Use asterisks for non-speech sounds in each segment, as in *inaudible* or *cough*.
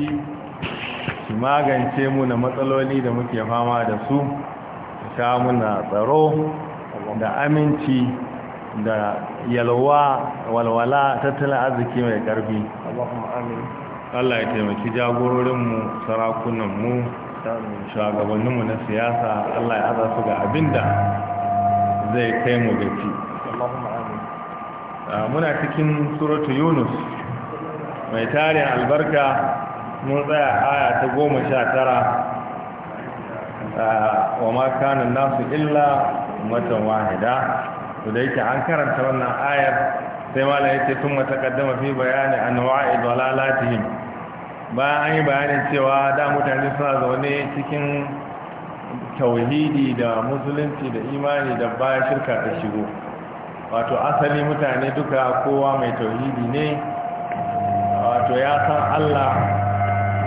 ƙarfi su magance na matsaloli da muke fama da su sha muna tsaro da aminci da yalwa walwala tattalin arziki mai ƙarfi. Allah ya taimaki jagororinmu sarakunanmu shugabanninmu na siyasa Allah ya haza su ga abinda zai kai mu gaci muna cikin suratu yunus mai tarin albarka mun tsaya aya ta goma sha tara wa makanin nasu illa matan wahida su da yake an karanta wannan ayar sai mala ya ce mata kaddama fi bayani an wa'i dalalatihim bayan an yi bayanin cewa da mutane suna zaune cikin tauhidi da musulunci da imani da bayan shirka ta shigo wato asali mutane duka kowa mai tauhidi ne wato ya san allah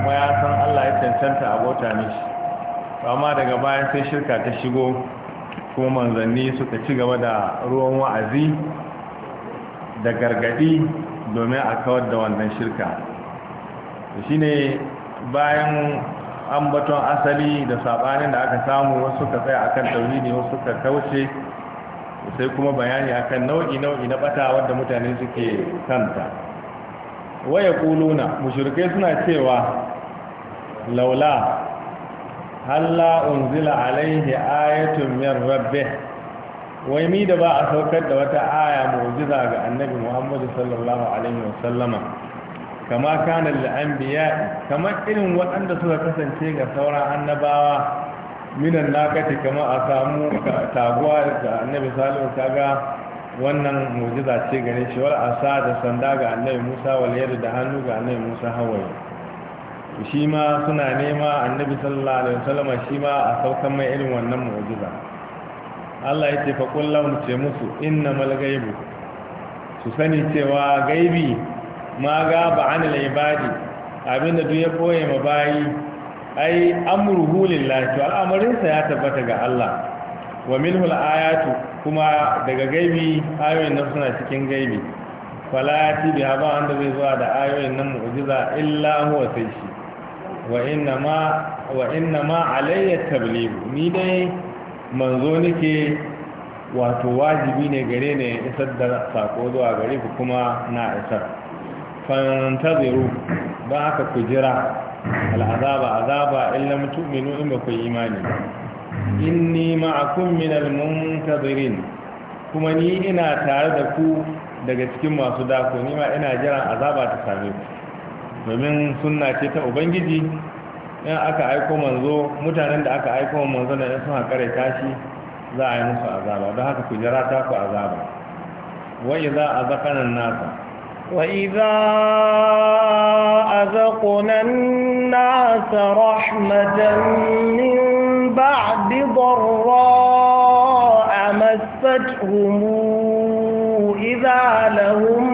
kuma ya san Allah ya cancanta a bauta mishi amma daga bayan sai shirka ta shigo kuma manzanni suka ci gaba da ruwan wa'azi da gargadi domin a kawar da wannan shirka shine bayan ambaton asali da sabanin da aka samu wasu suka tsaya akan tauhidi wasu suka kauce sai kuma bayani akan nau'i nau'i na bata wanda mutane suke kanta waya kuluna mushrikai suna cewa laula halla unzila alaihi ayatun min rabbih wai mi da ba a saukar da wata aya mu'jiza ga annabi Muhammadu sallallahu alaihi wa sallama kama kana lil anbiya kama irin waɗanda suka kasance ga sauran annabawa minan nakati kama a samu taguwa da annabi salihu kaga wannan mu'jiza ce gare shi wal asa da sanda ga annabi Musa wal yadu da hannu ga annabi Musa hawaye shi ma suna nema annabi sallallahu alaihi wasallam shi ma a saukan mai irin wannan mu'jiza Allah ya ce fa qul ce musu innamal ghaibu su sani cewa gaibi ma ga ba an ibadi abinda duk ya koye ma bayi ai amruhu lillahi to al'amarin sa ya tabbata ga Allah wa minhu al-ayatu kuma daga gaibi ayoyin nan suna cikin gaibi fala yati bi haba wanda zai zuwa da ayoyin nan mu'jiza illa huwa sai shi wa inna ma alayya tabligu ni dai manzo nake wato wajibi ne gare ne isar da sako zuwa gare ku kuma na isar fantaziru ba haka ku jira al'azaba azaba illa mutuminu in ba ku yi imani inni ma'akum min al-muntazirin kuma ni ina tare da ku daga cikin masu dako ni ma ina jiran azaba ta same ku domin suna ce ta ubangiji in aka aiko manzo mutanen da aka aiko manzo da sun kare tashi za a yi musu azaba don haka ku jira ta ku azaba wa idza azaqana an nasa? wa idza azaqna an-nas rahmatan min ba'di dharra amassatuhum idza lahum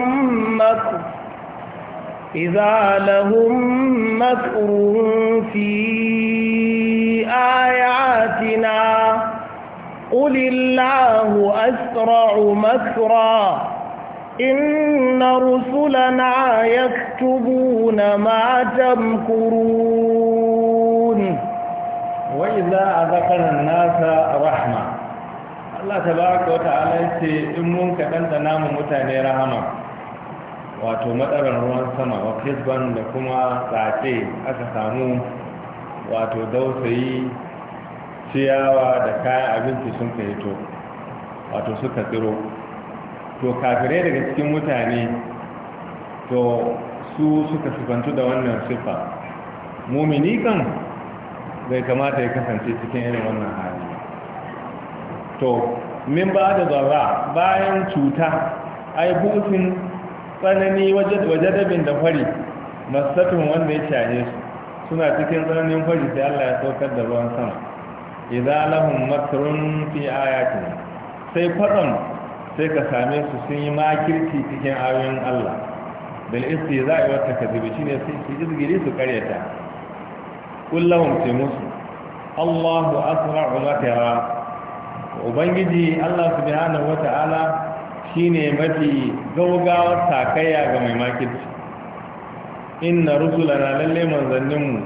إذا لهم مكر في آياتنا قل الله أسرع مكرا إن رسلنا يكتبون ما تمكرون وإذا ذكر الناس رحمة الله تبارك وتعالى يسي إن منك أنت نام متاني رحمه wato matsalar ruwan sama wa kisban da kuma tsace aka samu wato dausayi ciyawa da kayan abinci sun to, wato suka tsiro to kafire daga cikin mutane to su suka sifantu da wannan sifa mumini kan bai kamata ya kasance cikin irin wannan hali to min ba da zara bayan cuta ai butin tsanani waje dabin da fari masatun wanda ya shaye su suna cikin tsananin fari sai Allah ya saukar da ruwan sama idan alahun makrun fi ayatina sai kwatsam sai ka same su sun yi makirci cikin ayoyin Allah bil ka wa shi ne sai su izgiri su karyata kullahum ce musu Allahu asra'u matara ubangiji Allah subhanahu wata'ala shine mafi gaugawar takayya ga mai makirci inna rusulana lalle manzanninmu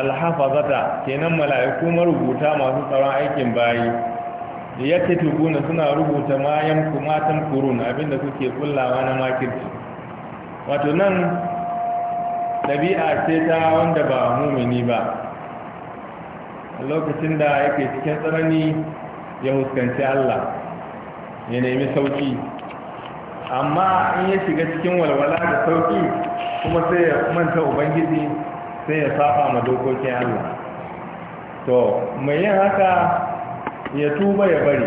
alhafazata kenan mala'iku marubuta masu tsaron aikin bayi da ya ce suna rubuta mayan kumatan kurun abinda suke kullawa na makirci wato nan ɗabi'a ce ta wanda ba mumini ba lokacin da yake cikin tsanani ya huskanci Allah ya nemi sauki amma in ya shiga cikin walwala da sauki kuma sai ya manta ubangiji sai ya saba ma dokokin Allah to mai yin haka ya tuba ya bari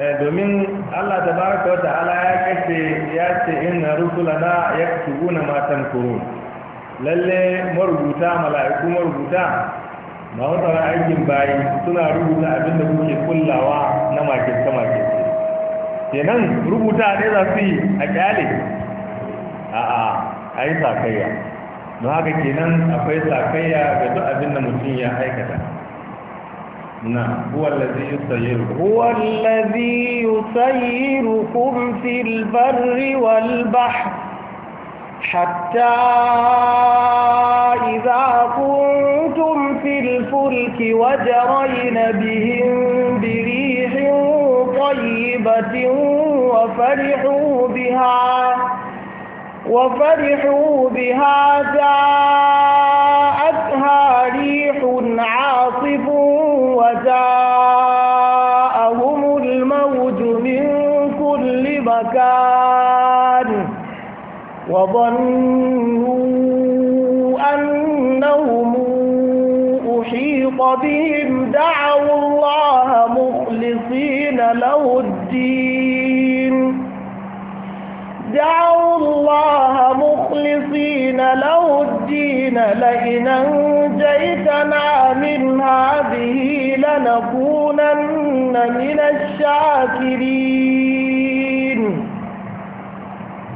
eh, domin Allah ta baraka wata ala ya kace ya ce inna rusulana yaktubuna ma tamkurun lalle marubuta mala'iku marubuta ma wata aikin bayi suna rubuta abinda kuke kullawa na makinta makinta kenan rubuta ne za su yi a kyale a'a a yi sakayya don haka kenan akwai sakayya ga duk abin da mutum ya aikata na huwallazi yusayiru huwallazi yusayirukum fil barri wal bahr حتى إذا كنتم في الفلك na bihin بهم طيبة وفرحوا بها وفرحوا بها جاءتها ريح عاصف وجاءهم الموج من كل مكان وظنوا أنهم أحيط بهم دعوا الله مخلصين له الدين دعوا الله مخلصين له الدين لئن أنجيتنا من هذه لنكونن من الشاكرين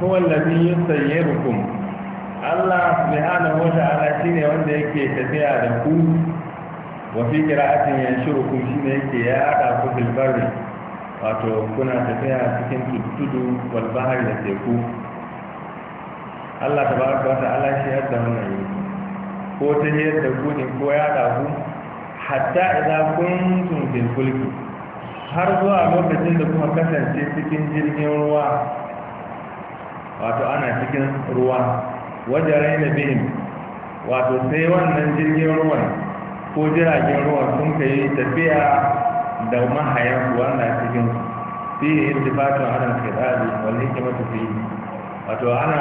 هو الذي يسيركم الله سبحانه وتعالى شيء وانده يكي تبيع لكم wafi kira'atin yan shirukun shi ne yake ya haɗa ku filbari wato kuna tafiya cikin tudu walbahari da teku allah ta baraka wata ala shi yadda wannan yi ko ta yi yadda ku ne ko ya haɗa ku hatta idan kuntum fil fulki har zuwa lokacin da kuma kasance cikin jirgin ruwa wato ana cikin ruwa wajen raina bihim wato sai wannan jirgin ruwan ko jiragen ruwa sun ka yi tafiya da mahayan ruwa na cikin fi iltifatun ana kidabi wani mata fi wato ana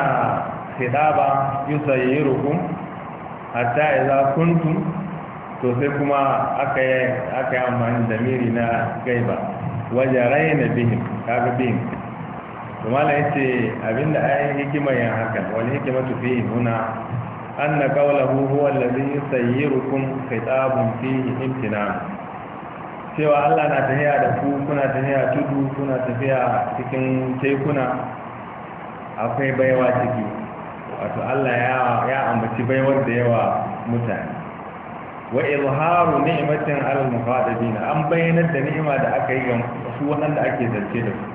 kidaba yusayyirukum hatta za kuntu to sai kuma aka yi amfani da miri na gaiba wajarai na bihin kaga bihin kuma mala yace abinda ayin hikima yin haka wani hikimatu fi nuna anna qawluhu huwa allazi yusayyirukum khitabun fihi imtinan cewa Allah na tafiya da ku kuna tafiya tudu kuna tafiya cikin tekuna akwai baiwa ciki wato Allah ya ambaci baiwar da yawa mutane wa izharu ni'matin 'ala al-muqaddibin an bayyana da ni'ima da aka yi ga su wanda ake zance da su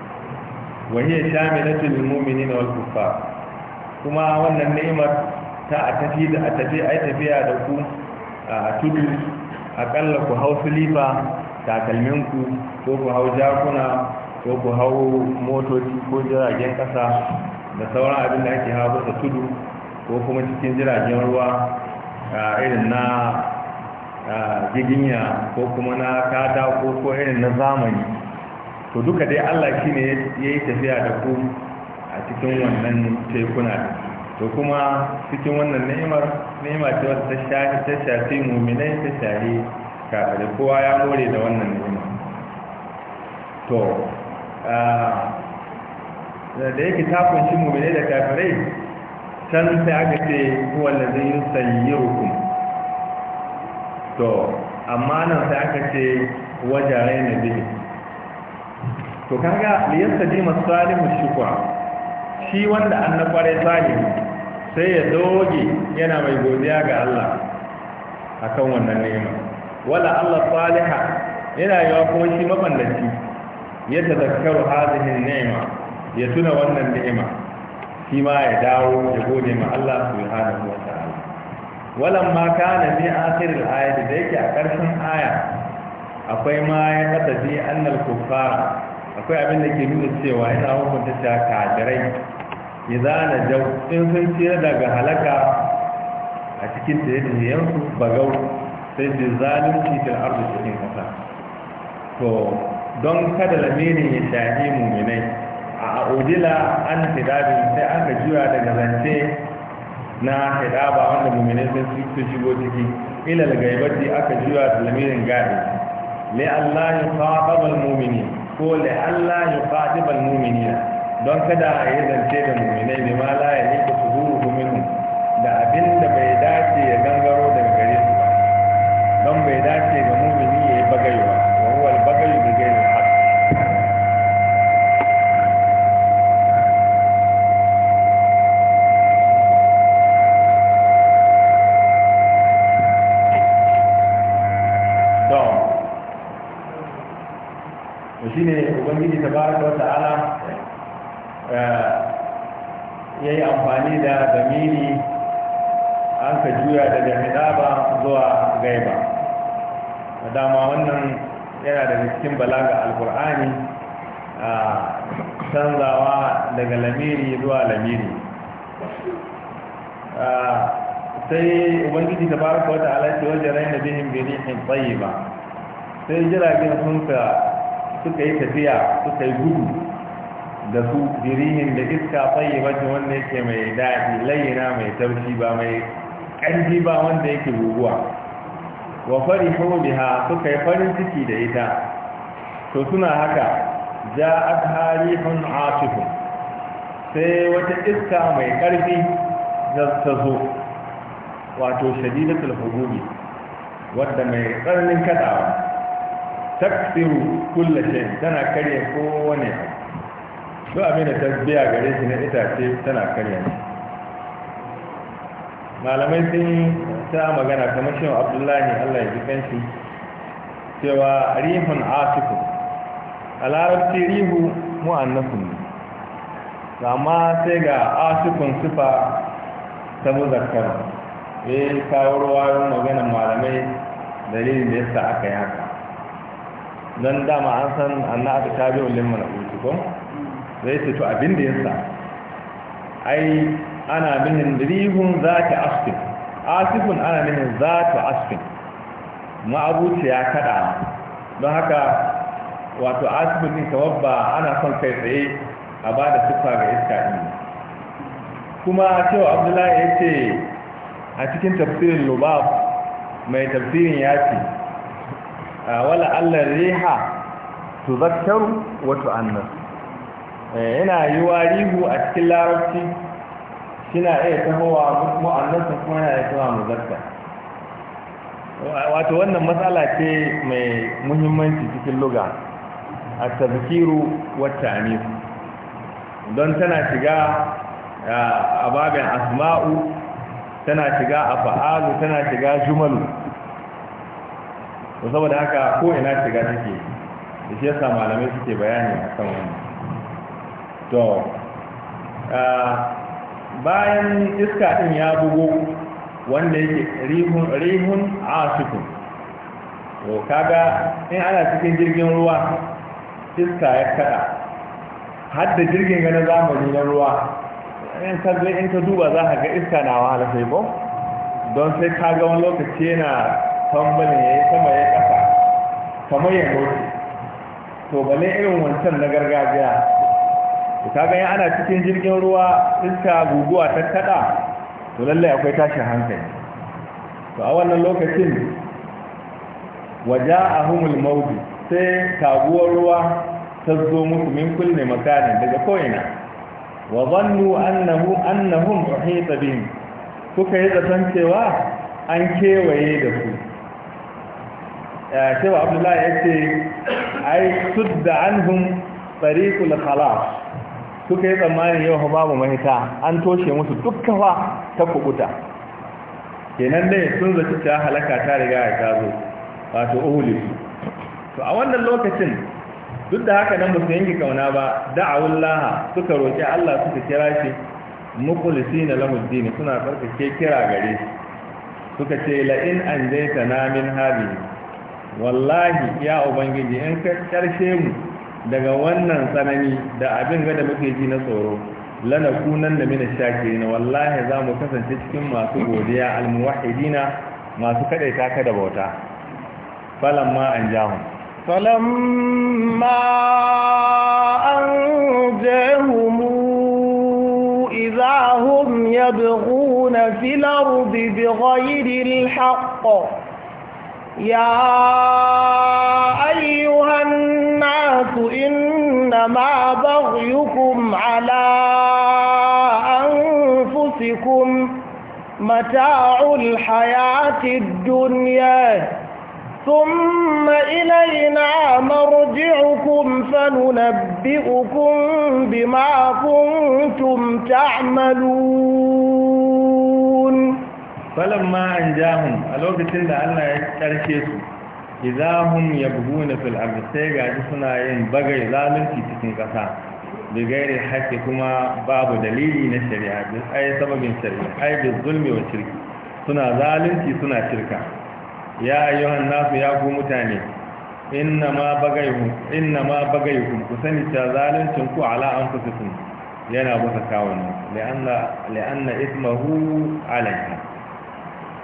wa hiya shamilatu lil muminina wal kuffar kuma wannan ni'imar ta a tafi da a tafi tafiya da ku a tudu akalla ku hau silifa takalmin ku ko ku hau jakuna ko ku hau motoci ko jiragen kasa da sauran abin da ake hau da tudu ko kuma cikin jiragen ruwa irin na giginya ko kuma na katako ko irin na zamani to duka dai allah shi ne ya yi tafiya da ku a cikin wannan tekuna to kuma cikin wannan ni'imar ni'ima ce wata ta shafi ta shafi muminai ta shafi kafirai kowa ya more da wannan ni'ima to ah, da yake ta kunshi muminai da kafirai can sai aka ce huwa yi yusayyirukum to amma nan sai aka ce wajare na bihi to kanga liyasta ji masu salihu shukwa shi wanda an na kwarai salihu sai ya doge yana mai godiya ga Allah a kan wannan nema, wala Allah saliha yana yawa kuma shi mabandaci ya tazakkaru hadhihi nema, ya tuna wannan nema, shi ma ya dawo ya gode ma Allah subhanahu wa Walan ma kana fi akhir al-ayat da yake a ƙarshen aya akwai ma ya kasa fi annal kuffara akwai abin da ke nuna cewa yana hukunta ta kafirai na jau in sun tsira daga halaka a cikin da yadda yansu bagau sai da zalunci cikin ardi cikin kasa to don kada lamirin ya shahi muminai a Odila an hidabi sai aka juya daga zance na hidaba wanda muminai sun su shigo ciki ilal gaibati aka juya da lamirin gadi li Allah ya faɗa mumini ko li Allah ya faɗi mumini don kada a yi zance da muminai ne ma la ya nika su zuru da abin da bai suka yi gudu da su birihin da iska tsaye wajen wanda yake mai daɗi layina mai taushi ba mai ƙarfi ba wanda yake guguwa wa fari biha suka yi farin ciki da ita to suna haka a harihun asifun sai wata iska mai ƙarfi ta zo wato shadidatul hujumi wadda mai tsananin kadawa taksiru kulla shayin tana karya kowane duk abin da ta biya gare shi na itace tana karya ne malamai sun yi ta magana kamar shi abdullahi allah ya ji kanshi cewa rihun asifu a larabci rihu mu'annafin ne amma sai ga asifun sufa ta muzakkar ya eh, kawo ruwa magana malamai dalilin da ya sa aka yi haka don dama an san anna abu ta biyu limma na ko zai ce to abin da yasa ai ana mihin rihun za ta asfin asifin ana mihin za ta asfin ya kaɗa don haka wato asibin din kamar ba ana son kai tsaye a ba da ga iska ɗin kuma cewa abdullahi ya ce a cikin tafsirin lubab mai tafsirin ya ce wala allar riha tuzakkaru wa tu'annas yana yiwa rihu a cikin larabci kina iya tahowa mu'annasin kuma yana yi tahowa muzakkar wato wannan matsala ce mai muhimmanci cikin luga a tazkiru wata anisu don tana shiga a babin asma'u tana shiga a fa'alu tana shiga jumalu to saboda haka ko ina shiga take da shi yasa malamai suke bayani a kan wannan to bayan iska din ya bugo wanda yake rihun rihun ashikun to kaga in ana cikin jirgin ruwa iska ya kada har da jirgin ganin zamani na ruwa in ka in ka duba za ka ga iska na wahala sai ko don sai kaga wani lokaci yana tambale ya yi sama ya ƙasa kamar ya rote to bale irin wancan na gargajiya to kaga yan ana cikin jirgin ruwa iska guguwa ta kada to lalle akwai tashin hankali to a wannan lokacin waja a humul maudu sai taguwar ruwa ta zo musu min kulle makanin daga ko'ina wa zannu annahu annahum uhita bihim suka yi zaton cewa an kewaye da su cewa eh, abdullahi ya ce ai sudda anhum tariqul khalas suka yi tsammanin yau babu mahita an toshe musu dukka ba ta kubuta kenan dai sun zaci ta halaka ta riga ya tazo wato uhuli to a wannan lokacin duk da haka nan ba su yanke kauna ba da'awun laha suka roki Allah suka kira shi na lahudini suna ke kira gare su suka ce in an ta min habi wallahi ya ubangiji in ka karshe mu daga wannan tsanani da abin ga da muke ji na tsoro lana kunan da mina na wallahi za mu kasance cikin masu godiya almuwahidina masu ta ka da bauta falamma an jahun falamma an jahumu idza hum yabghuna fil ardi bighayri al-haqq يا أيها الناس إنما بغيكم على أنفسكم متاع الحياة الدنيا ثم إلينا مرجعكم فننبئكم بما كنتم تعملون ma an jahun a lokacin da Allah ya karshe su izahun ya bugu fil ardi sai gaji suna yin bagai zalunci cikin ƙasa. da gairi haƙƙi kuma babu dalili na shari'a bi ai sababin shari'a ai bi zulmi wa shirki suna zalunci suna shirka ya ayyuhan nasu ya ku mutane inna ma bagayhum inna ku sani ta zaluncin ku ala an anfusikum yana buka kawunan li'anna li'anna ismahu alayka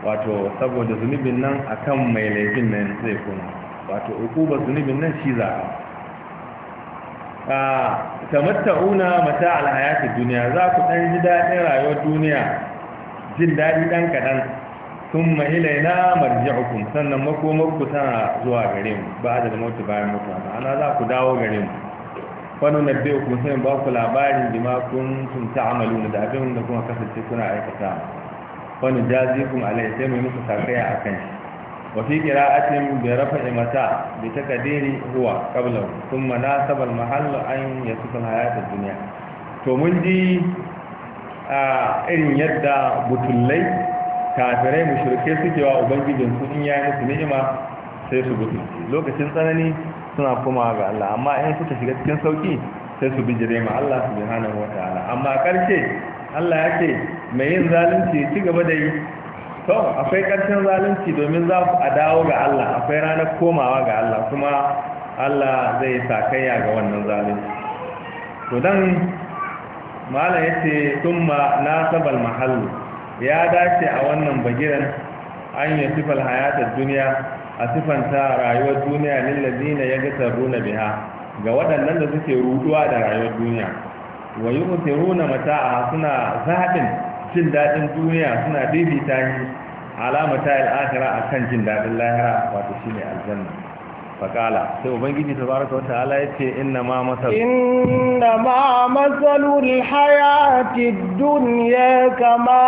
wato saboda zunubin nan akan mai laifin nan zai kuma wato ba zunubin nan shi za a ah, tamatta'una mata alhayatid duniya za ku ɗan ji daɗin rayuwar duniya jin daɗi ɗan kaɗan sun ma'ila na hukum sannan makomarku tana zuwa gare mu ba da mutu bayan mutu ma'ana za ku dawo gare mu wani na biyu kuma sai ba ku labarin jima kun sun amalu da abin da kuma kasance kuna aikata wani jazikun alai sai mai musu sakaya a kan shi wafi qira'atin bai rafa'i mata bi ta huwa kabla sun na sabar mahall an ya sufin hayatar duniya to mun ji a irin yadda butullai kafirai mushrike suke wa ubangijin su in yayi musu ni'ima sai su butulci lokacin tsanani suna komawa ga Allah amma in suka shiga cikin sauki sai su bijire ma Allah subhanahu wataala amma karshe Allah ya ce mai yin zalunci ci gaba da yi to akwai ƙarshen zalunci domin za a dawo ga Allah akwai ranar komawa ga Allah kuma Allah zai sakayya ga wannan zalunci to dan malam ya ce yace na sabal mahallu ya dace a wannan bagiran an yi sifal hayatar duniya a sifanta rayuwar duniya lillazina yaghtaruna biha ga waɗannan da suke ruduwa da rayuwar duniya wa yi mata a suna zaɓin jin daɗin duniya suna daidaita shi alamata al'akira a kan jin daɗin lahira wato shi ne aljanna faƙala sai ubangiji ta baraka wata ala ya ce inna ma masalu inna ma masalu hayati duniya kama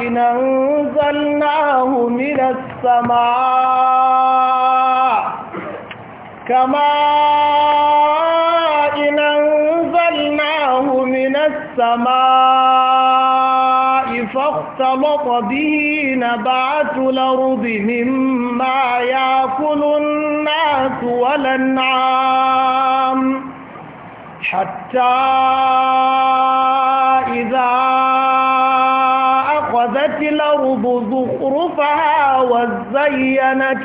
inan zalnahu minas sama kama السماء فاختلط به نبعة الأرض مما يأكل الناس والأنعام حتى إذا أخذت الأرض زخرفها وزينت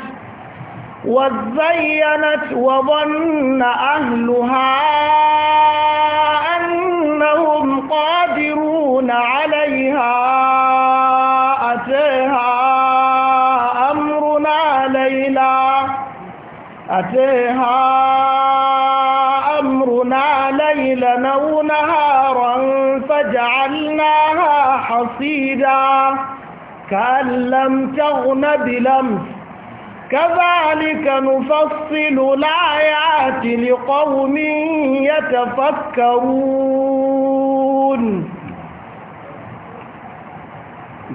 وزينت وظن أهلها قادرون عليها أتيها أمرنا ليلا أتيها أمرنا ليلا أو نهارا فجعلناها حصيدا كأن لم تغن بلمس كذلك نفصل الآيات لقوم يتفكرون khuludun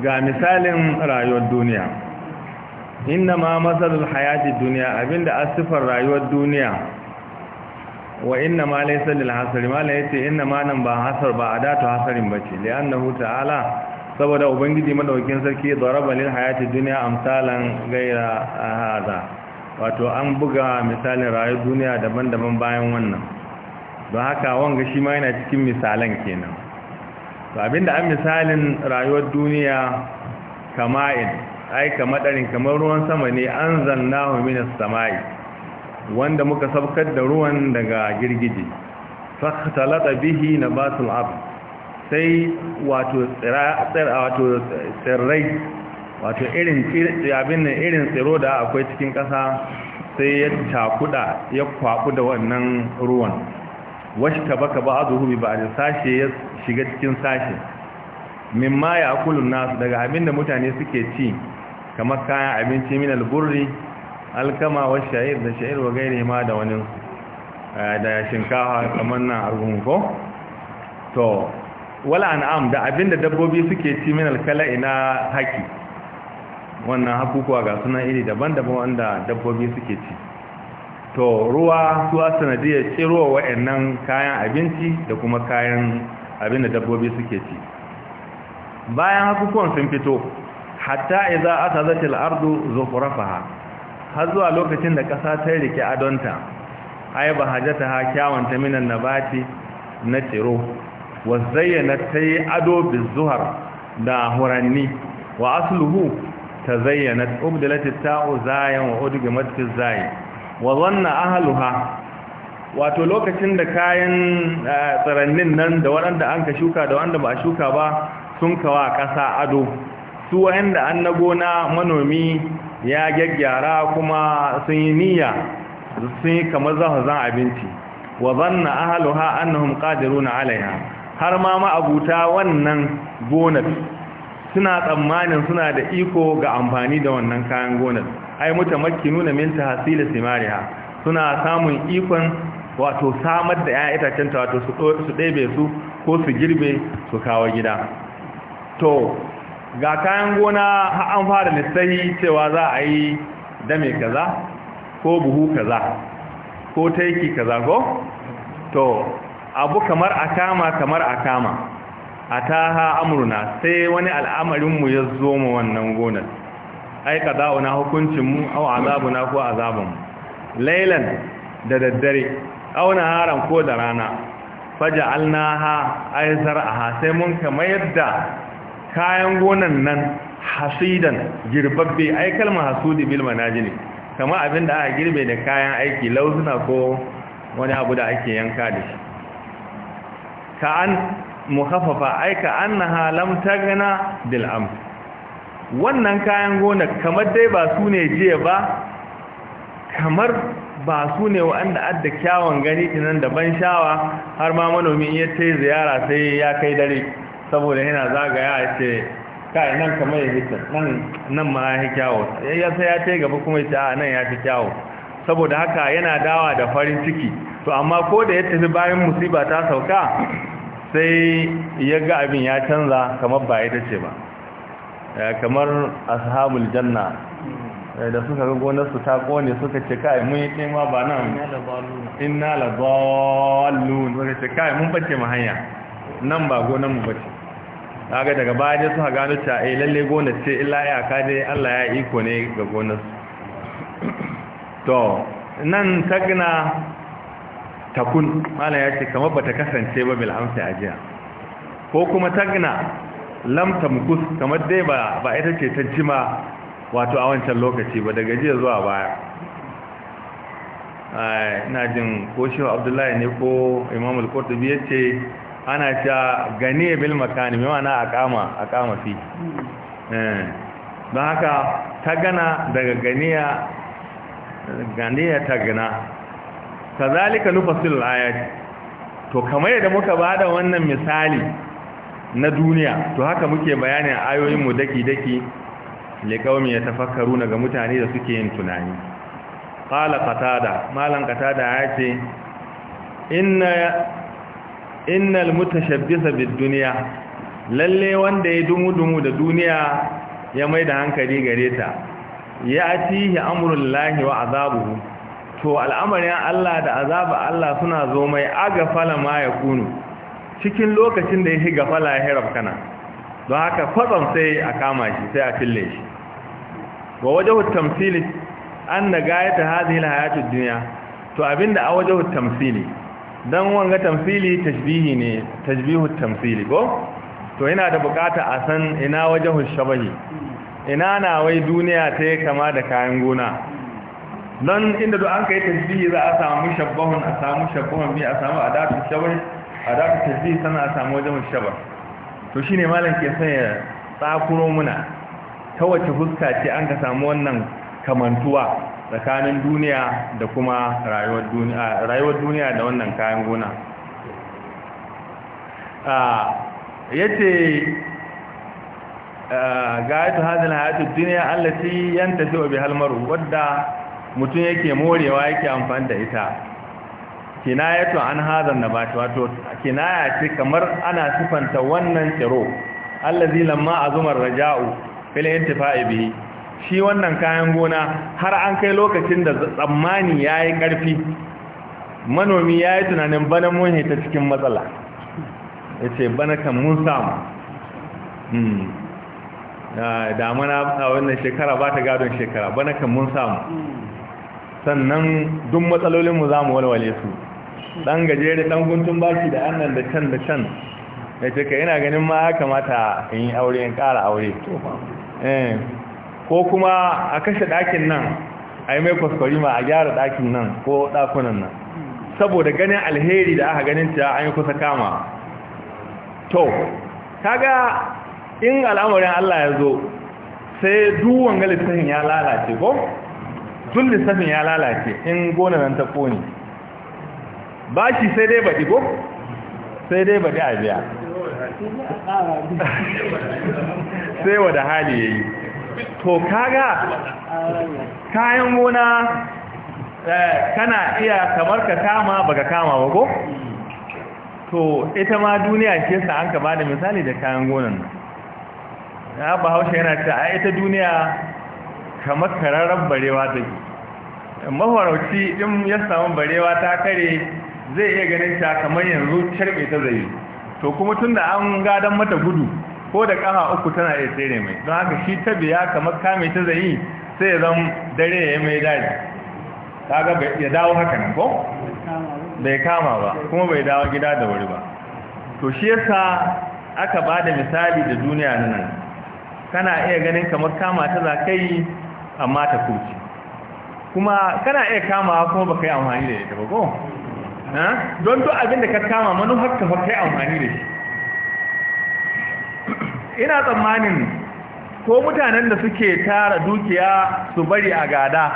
ga misalin rayuwar duniya inna ma matsalar hayati duniya abinda asifar rayuwar duniya wa inna ma laysa lil hasari ma la yace inna ma nan ba hasar ba adatu hasarin bace li'annahu ta'ala saboda ubangiji madaukin sarki daraba lil hayati duniya amsalan gaira hada wato an buga misalin rayuwar duniya daban-daban bayan wannan don haka wanga shi ma yana cikin misalan kenan to abinda an misalin rayuwar duniya kama'in ai kamar ɗarin kamar ruwan sama ne an zanna minas sama'i wanda muka sabkar da ruwan daga girgije fakhtalata bihi nabatul ab sai wato tsira wato tsirrai wato irin abin nan irin tsiro da akwai cikin ƙasa sai ya takuda ya kwaku da wannan ruwan washi tabaka ba'dhu bi ba'd sashe ya shiga cikin sashi ma ya akulun nasu daga abin da mutane suke ci kamar kayan abinci min alburri alkama wa sha'ir da sha'ir wa gairi ma da wani eh, da shinkawa kamar nan argun ko to wala an'am da abin da dabbobi suke ci min alkala'i na haki wannan hakukuwa ga sunan iri daban-daban wanda dabbobi suke ci to ruwa su a sanadiyar tsirowa wa'annan kayan abinci da kuma kayan abin da dabbobi suke ci bayan hakukuwan sun fito hatta idza akhadhatil ardu zufrafaha har zuwa lokacin da ƙasa ta rike adonta ay bahajataha kyawun ta minan nabati na tsiro wa zayyana yi ado bizuhar da huranni wa asluhu ta ubdilat at-ta'u zayan wa udgimat zayi wa dhanna ahluha wato lokacin da kayan eh, tsarannin nan da waɗanda an ka shuka da waɗanda ba shuka ba sun kawa ƙasa ado su da an na gona manomi ya gyaggyara kuma sun yi niyya sun yi kamar zahazan abinci wa zanna ahaluha annahum qadiruna alaiha har ma ma'abuta wannan gonar suna tsammanin suna da iko ga amfani da wannan kayan gonar ai mutamakkinu na min tahsil simariha suna samun ikon wato samar da ‘ya'ya itacenta wato su ɗebe su ko su girbe su kawo gida to ga kayan gona an fara lissahi cewa za a yi dame kaza ko buhu kaza ko taiki kaza ko to abu kamar a kama kamar a kama a taha amurna sai wani al'amarinmu ya zo ma wannan gonar ai hukuncin hukuncinmu au azabuna ko azabinmu lailan da daddare auna naharan ko da rana faja alnaha aizar aha sai mun kama yadda kayan gonan nan hasidan girbabbe ai kalmar hasudi bil manajini kama abin da aka girbe da kayan aiki lausuna ko wani abu da ake yanka da shi ka an muhaffafa ai ka annaha lam tagna bil am wannan kayan gona kamar dai ba su ne jiya ba kamar ba su ne wa'anda adda kyawun gani tunan da ban shawa har ma manomi ya ce ziyara sai ya kai dare saboda yana zagaya a ce kai nan kamar ya hita nan ma ya kyawo ya sai ya ce gaba kuma ya ce a nan ya fi kyawo saboda haka yana dawa da farin ciki to amma ko da ya tafi bayan musiba ta sauka sai ya ga abin ya canza kamar ba ya ta ce ba eh, kamar ashabul janna da suka ga gonarsu ta kone suka ce kai mun yi tema ba nan inna la dallun suka ce kai mun bace mu hanya nan ba gonar mu bace kaga daga baya dai suka gano cewa eh lalle gonar ce illa ya ka dai Allah ya iko ne ga gonarsu to nan tagna takun malam ya ce kamar bata kasance ba bil amsa ajiya ko kuma tagna lam tamkus kamar dai ba ba ita ce ta jima wato a wancan lokaci ba daga jiya zuwa baya ina jin ko shehu abdullahi ne ko imam al biya ce ana ta gani bil makani mai mana a kama fi eh, don haka ta gana daga ganiya ganiya ta gana kazalika nufasil ayat to kamar yadda muka ba da wannan misali na duniya to haka muke bayanin ayoyin mu daki daki ya yatafakkaruna ga mutane da suke yin tunani qala qatada malan qatada ce inna innal mutashabbisa bid dunya lalle wanda ya dumu dumu da duniya ya mai da hankali gare ta ya atihi lahi wa azabuhu to al'amarin Allah da azaba Allah suna zo mai agafala ma ya kunu cikin lokacin da ya gafala ya hirab don haka kwatsam sai a kama shi sai a fille shi wa wajahu tamsili an na gayata hadhihi alhayatud dunya to abinda a wajahu tamsili dan wanga tamsili tashbihi ne tashbihu tamsili ko to yana da bukata a san ina wajahu shabahi ina na wai duniya ta yi kama da kayan gona don inda duk an kai tashbihi za a samu shabahun a samu shabahun bi a samu adatu shabahi adatu tashbihi sana a samu wajahu shabahi to shine malam ke sanya ya tsakuro muna ta wace fuska ce an ka samu wannan kamantuwa tsakanin duniya da kuma rayuwar duniya da wannan kayan gona ya ce gayatu hazin hayatun duniya allaci yanta tafi obi wadda mutum yake morewa yake amfani da ita kinayatu an hazan nabat wato kinaya ce kamar ana sifanta wannan tsiro allazi lamma azumar raja'u fil intifa'i bi shi wannan kayan gona har an kai lokacin da tsammani yayi karfi manomi yayi tunanin bana mun hita cikin matsala yace bana kan mun samu hmm mana a wannan shekara ba ta gadon shekara bana kan mun samu hmm. sannan duk matsalolinmu za mu walwale su dan gajere dan guntun baki da annan da can da can da ce ka yana ganin ma ya kamata in yi aure in ƙara aure eh, ko kuma a kashe ɗakin nan a yi mai kwaskwari ma a gyara dakin nan ko ɗakunan nan saboda ganin alheri da aka ganin ta an yi kusa kama to kaga in al'amarin Allah ya zo sai duwan ga lissafin ya lalace ko? tun lissafin ya lalace in gona nan ta ƙone bashi sai dai baɗi ko sai dai baɗi a biya sai da hali ya yi to kaga kayan gona eh, kana iya kamar ka kama baka kama ba ko to ita ma duniya ke sa an ka bada misali da kayan gonan na bahaushe yana ta a ita duniya kamar kararren barewa ke mahwarauci in ya samu barewa ta kare zai iya ganin ta kamar yanzu carbe ta zai to kuma tunda an gadan mata gudu ko da kafa uku tana iya tsere mai don haka shi ta biya kamar kame ta zai sai ya zan dare ya mai daji kaga ya dawo haka nan ko bai kama ba kuma bai dawo gida da wuri ba to shi yasa aka ba da misali da duniya nan kana iya ganin kamar kama ta za ka yi amma ta kurci kuma kana iya kama kuma ba ka yi amfani da ita ba ko don duk abin da ka kama manufar ka kai amfani da shi ina tsammanin ko mutanen da suke tara dukiya su bari a gada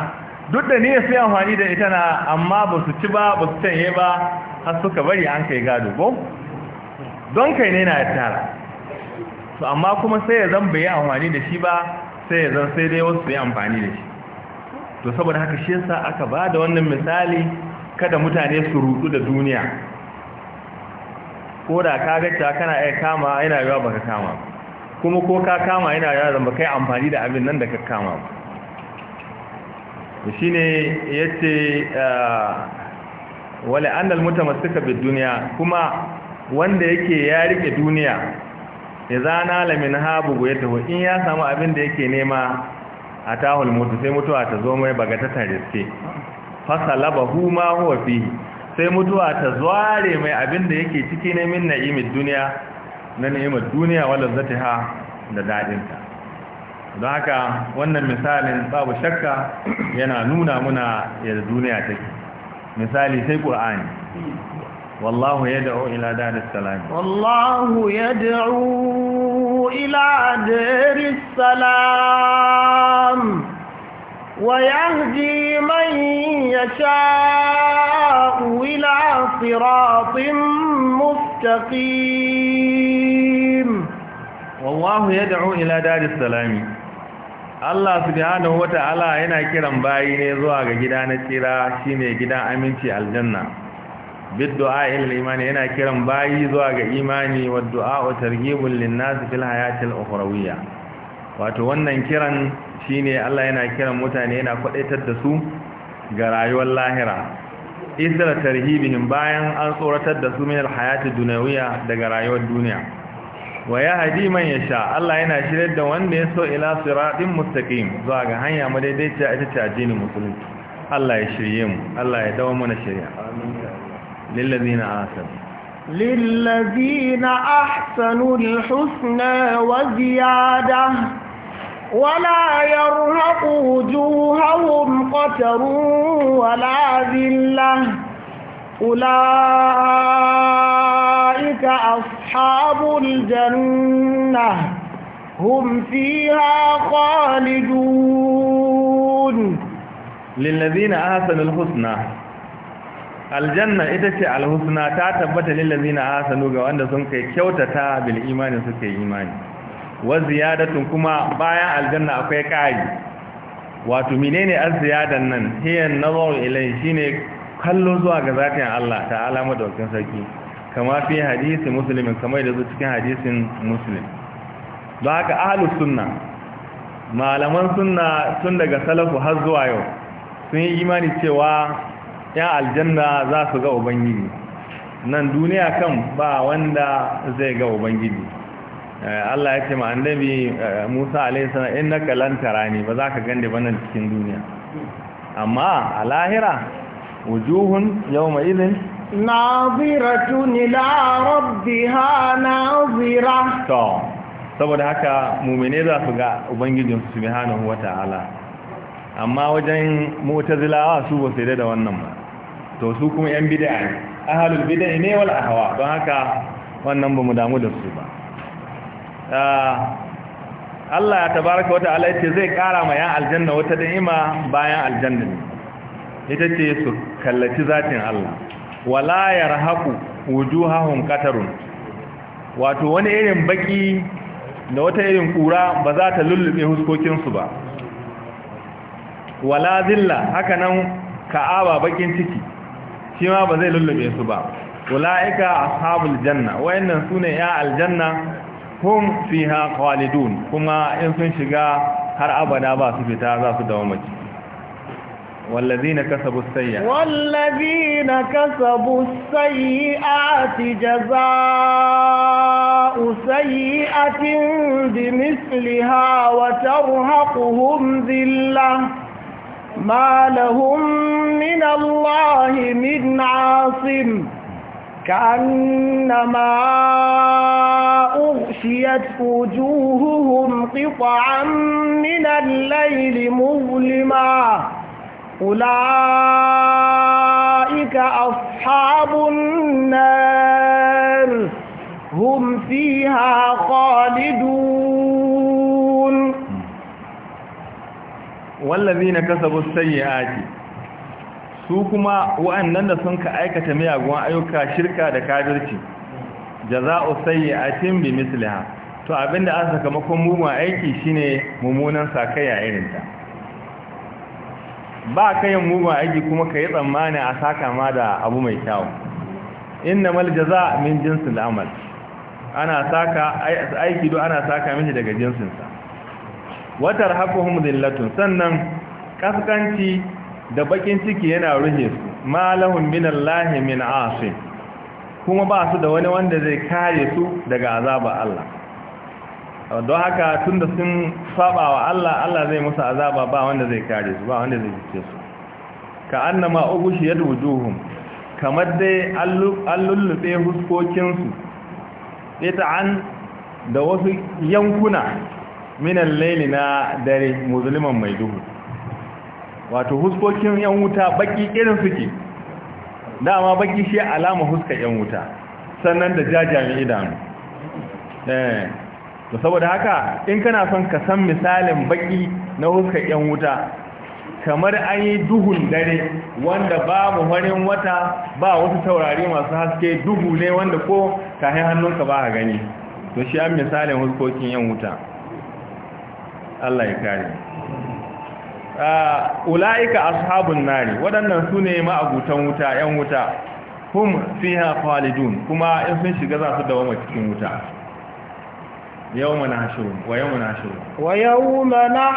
duk da niyyar su amfani da ita na amma ba su ci ba ba su canye ba har suka bari an kai gado ko don kai ne na tara to amma kuma sai ya zan bai amfani da shi ba sai ya zan sai dai wasu bai amfani da shi to saboda haka shi yasa aka ba da wannan misali kada mutane su rudu da duniya ko da ka gacca kana iya kama yana yawa baka kama kuma ko ka kama yana yawa zan baka amfani da abin nan da ka kama shi ne ya ce ah, wale annal mutamassika bi duniya kuma wanda yake ya rike duniya ya zana lamin habu goye taho in ya samu abin da yake nema a tahul mutu sai mutuwa ta zo mai bagatatan riske hu ma huwa fi sai mutuwa ta zware mai abin da yake ciki ne min na'imid duniya na ni'imar duniya wala zataha da dadinta don haka wannan misalin babu shakka yana nuna muna yadda duniya take misali sai qur'ani والله يدعو إلى دار السلام والله يدعو ila دار السلام ويهدي من يشاء إلى صراط مستقيم والله يدعو إلى دار السلام Allah subhanahu wata'ala yana kiran bayi ne zuwa ga gida na tsira shine gidan aminci aljanna bid du'a ila imani yana kiran bayi zuwa ga imani wa du'a wa targhibul linnas fil hayatil ukhrawiyya wato wannan kiran shine Allah yana kiran mutane yana kwadaitar da su ga rayuwar lahira isra tarhibihim bayan an tsoratar da su min alhayati dunawiya daga rayuwar duniya wa yahdi man yasha Allah yana shiryar da wanda ya so ila siratin mustaqim zuwa ga hanya madaidaiciya ita ce addinin musulmi Allah ya shirye mu Allah ya dawo mana shari'a Lillazina Ahsan. asanu ahsanu husna wa ziyadah ولا يرهق وجوههم قتر ولا ذلة أولئك أصحاب الجنة هم فيها خالدون للذين آسنوا الحسنى aljanna ita ce alhusna ta tabbata lillazina ahsanu ga wanda sun kai kyautata bil imani suka yi imani wa ziyadatun kuma bayan aljanna akwai ƙari wato menene azziyadan nan hiyan nazaru ilai shine kallo zuwa ga zatin Allah ta'ala madaukakin sarki kama fi hadisi muslimin kamar da zuwa cikin hadisin muslim don haka ahlus sunna malaman sunna tun daga salafu har zuwa yau sun yi imani cewa ya aljanna za su ga ubangiji nan duniya kan ba wanda zai ga ubangiji Eh, Allah ya ce ma annabi eh, Musa alaihi salam innaka lan tarani ba za ka gande ba nan cikin duniya amma a lahira wujuhun yawma idin naziratun ila rabbiha nazira to saboda haka mu'mine za su ga ubangijin su subhanahu wataala amma wajen mu'tazilawa su ba sai da wannan ba to su kuma yan bid'a ahlul bid'a ne wal ahwa don haka wannan ba mu damu da su ba Ah, Allah ya tabaraka wata ala ce zai kara ma yan aljanna wata da'ima bayan aljanna ita ce su kallaci zatin Allah wala yarhaqu wujuhahum qatarun wato wani irin baki da wata irin kura ba za ta lullube huskokin su ba wala zilla haka nan ka'aba bakin ciki shi ma ba zai lullube su ba ulaika ashabul janna wayannan sune ya aljanna hum fiha khalidun kuma in sun shiga har abada ba su fita za su dawoma ci wallazina kasabu sayyi'ati wallazina kasabu sayyi'ati jazaa'u sayyi'atin bimithliha wa tarhaquhum dhillah ma lahum min allahi min 'aasim كأنما أغشيت وجوههم قطعا من الليل مظلما أولئك أصحاب النار هم فيها خالدون والذين كسبوا السيئات su kuma wa'annan da sun ka aikata miyagun ayyuka shirka da kafirci jaza'u sayyi'atin bi misliha to abinda an sakamakon mugun aiki shine mummunan sakaya irin ta ba kayan mugun aiki kuma kai tsammani a saka ma da abu mai kyau innamal jaza min jinsil amal ana saka aiki do ana saka miji daga jinsinsa watar watarhaquhum dhillatun sannan kaskanci da bakin ciki yana ruhe su malahun minallahi min afi kuma ba su da wani wanda zai kare su daga azaba Allah don haka tun da sun saba wa Allah Allah zai musu azaba ba wanda zai kare su ba wanda zai jice su ka annama ugushi yadu wujuhum kamar dai an lullube huskokinsu ita an da wasu yankuna minan laili na dare musulman mai duhu wato huskokin yan wuta baki irin suke dama baki shi alama huska yan wuta sannan da jajami idanu eh to saboda haka in kana son ka san misalin baki na huska yan wuta kamar an yi duhun dare wanda babu farin wata ba wasu taurari masu haske duhu ne wanda ko ka kayan hannunka ba a gani to shi an misalin huskokin yan wuta Allah ya kare Ah, ula'ika ashabun nari waɗannan su ne ma'abutan wuta ‘yan wuta hum fiha khalidun kuma in sun shiga za su dawama cikin wuta yau mana hashiru wa yau mana hashiru wa yau mana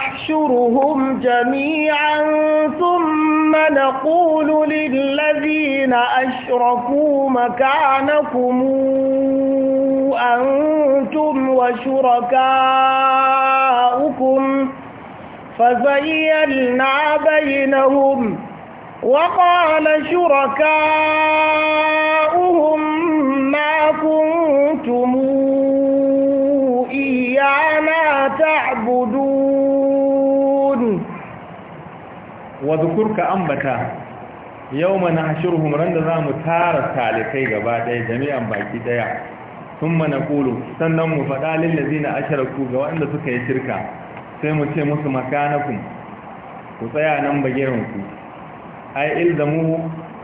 hum jami'an sun mana ƙulu lillazi na ashiraku makanakumu an tun wa shuraka hukum فزيلنا بينهم وقال شركاؤهم ما كنتم إيانا تعبدون وذكرك أنبتا يوم نحشرهم رندنا متارة تالكي قبادة جميعا باكي ديا ثم نقول سنم فقال للذين أشركوا وأن سكي شركا sai mu ce musu makanakun ku tsaya nan bagiranku ai ilzamu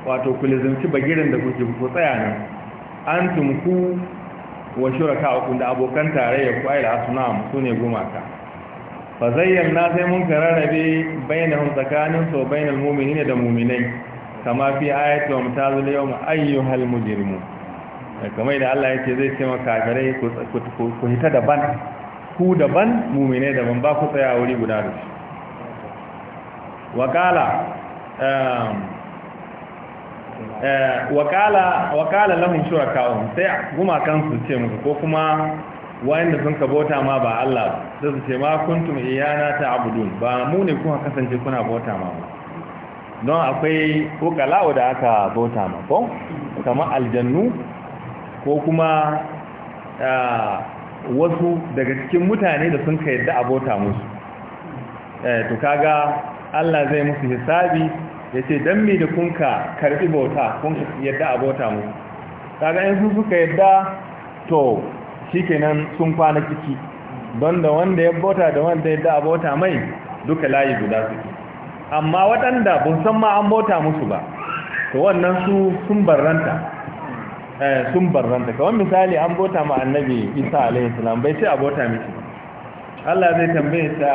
wato ku lizimci bagiran da kuke ku tsaya nan antum ku wa ku da abokan tarayya ku ai al-asnam sune gumaka fa zayyana sai mun kararrabe bainahum tsakanin so bainal mu'minina da mu'minai kama fi ayatu mutazil yawma ayyuhal mujrimu kamar da Allah yake zai ce maka ku ku hita daban ku daban mumine daban ba ku tsaya wuri guda da shi wakala um, eh, wakala wakala sai gumakan su ce muku ko kuma wayanda sun ka bota ma ba Allah da su ce ma kuntum iyana ta abudun ba mu ne kuma kasance kuna bota ma ba don akwai kokala'u da aka bota ma ko kamar aljannu ko kuma ah, wasu daga cikin mutane da sun ka yadda abota musu eh, to kaga Allah zai musu hisabi ya ce don mai da kun ka karbi bauta kun yadda abota musu kaga in sun suka yadda to shikenan sun kwana ciki don da wanda ya bauta da wanda ya yadda abota mai duka layi guda suke amma waɗanda ban san ma an bauta musu ba to wannan su sun barranta Eh, sun barranta kawai misali an bota ma annabi isa alaihi salam bai ce a bota miki Allah zai tambaye ta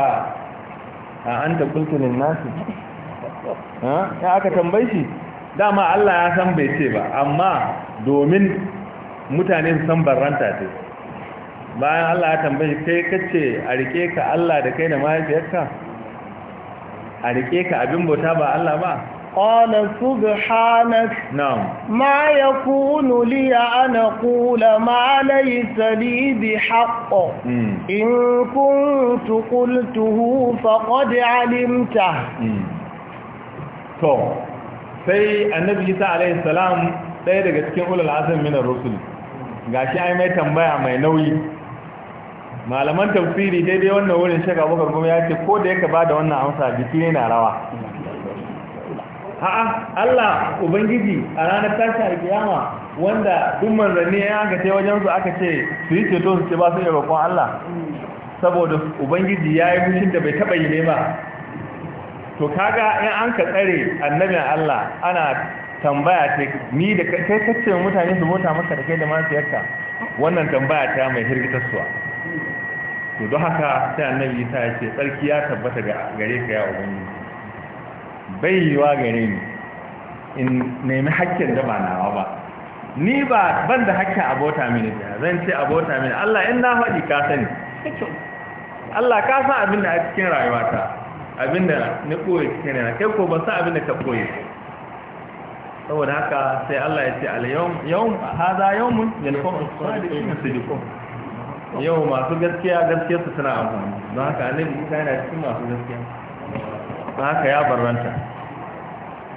a an ta lin nasu *laughs* ha ya aka tambaye shi dama Allah ya san bai ce ba amma domin mutane su san barranta ce bayan Allah ya tambaye kai kace a rike ka Allah da kai da mahaifiyarka a rike ka abin bauta ba Allah ba قال سبحانك نعم ما يكون لي أن أقول ما ليس لي بحق مم. إن كنت قلته فقد علمته تو سي النبي جيسى عليه السلام ɗaya daga cikin ulul azum min ar-rusul gashi ai mai tambaya mai nauyi malaman tafsiri daidai wannan wurin shaka bakar kuma ya ce ko da yake ba da wannan amsa jiki na rawa a'a Allah ubangiji a ranar tashi alkiyama wanda duk manzanni ya ga ce wajen su aka ce su yi ceto su ce ba su yi roƙon Allah saboda ubangiji ya yi mushin da bai taɓa yi ne ba to kaga in an ka tsare annabin Allah ana tambaya ce ni da kai kace mutane su mota maka da kai da mahaifiyarka wannan tambaya ta mai hirgitarsuwa to don haka sai annabi ya ce tsarki ya tabbata gare ka ya ubangiji bai gare ni in nemi hakkin da ba nawa ba ni ba ban da hakkin abota mini da zan ce abota mini Allah in na faɗi ka sani Allah ka san abin da a cikin rayuwata abin da na koyi cikin rayuwa kai ko ba san abin da ka koyi saboda haka sai Allah ya ce al-yawm yawm hada yawmun yalqamu as-sadiqina sidiqum yau masu gaskiya gaskiya su suna amfani don haka ne Isa yana cikin masu gaskiya don haka ya barranta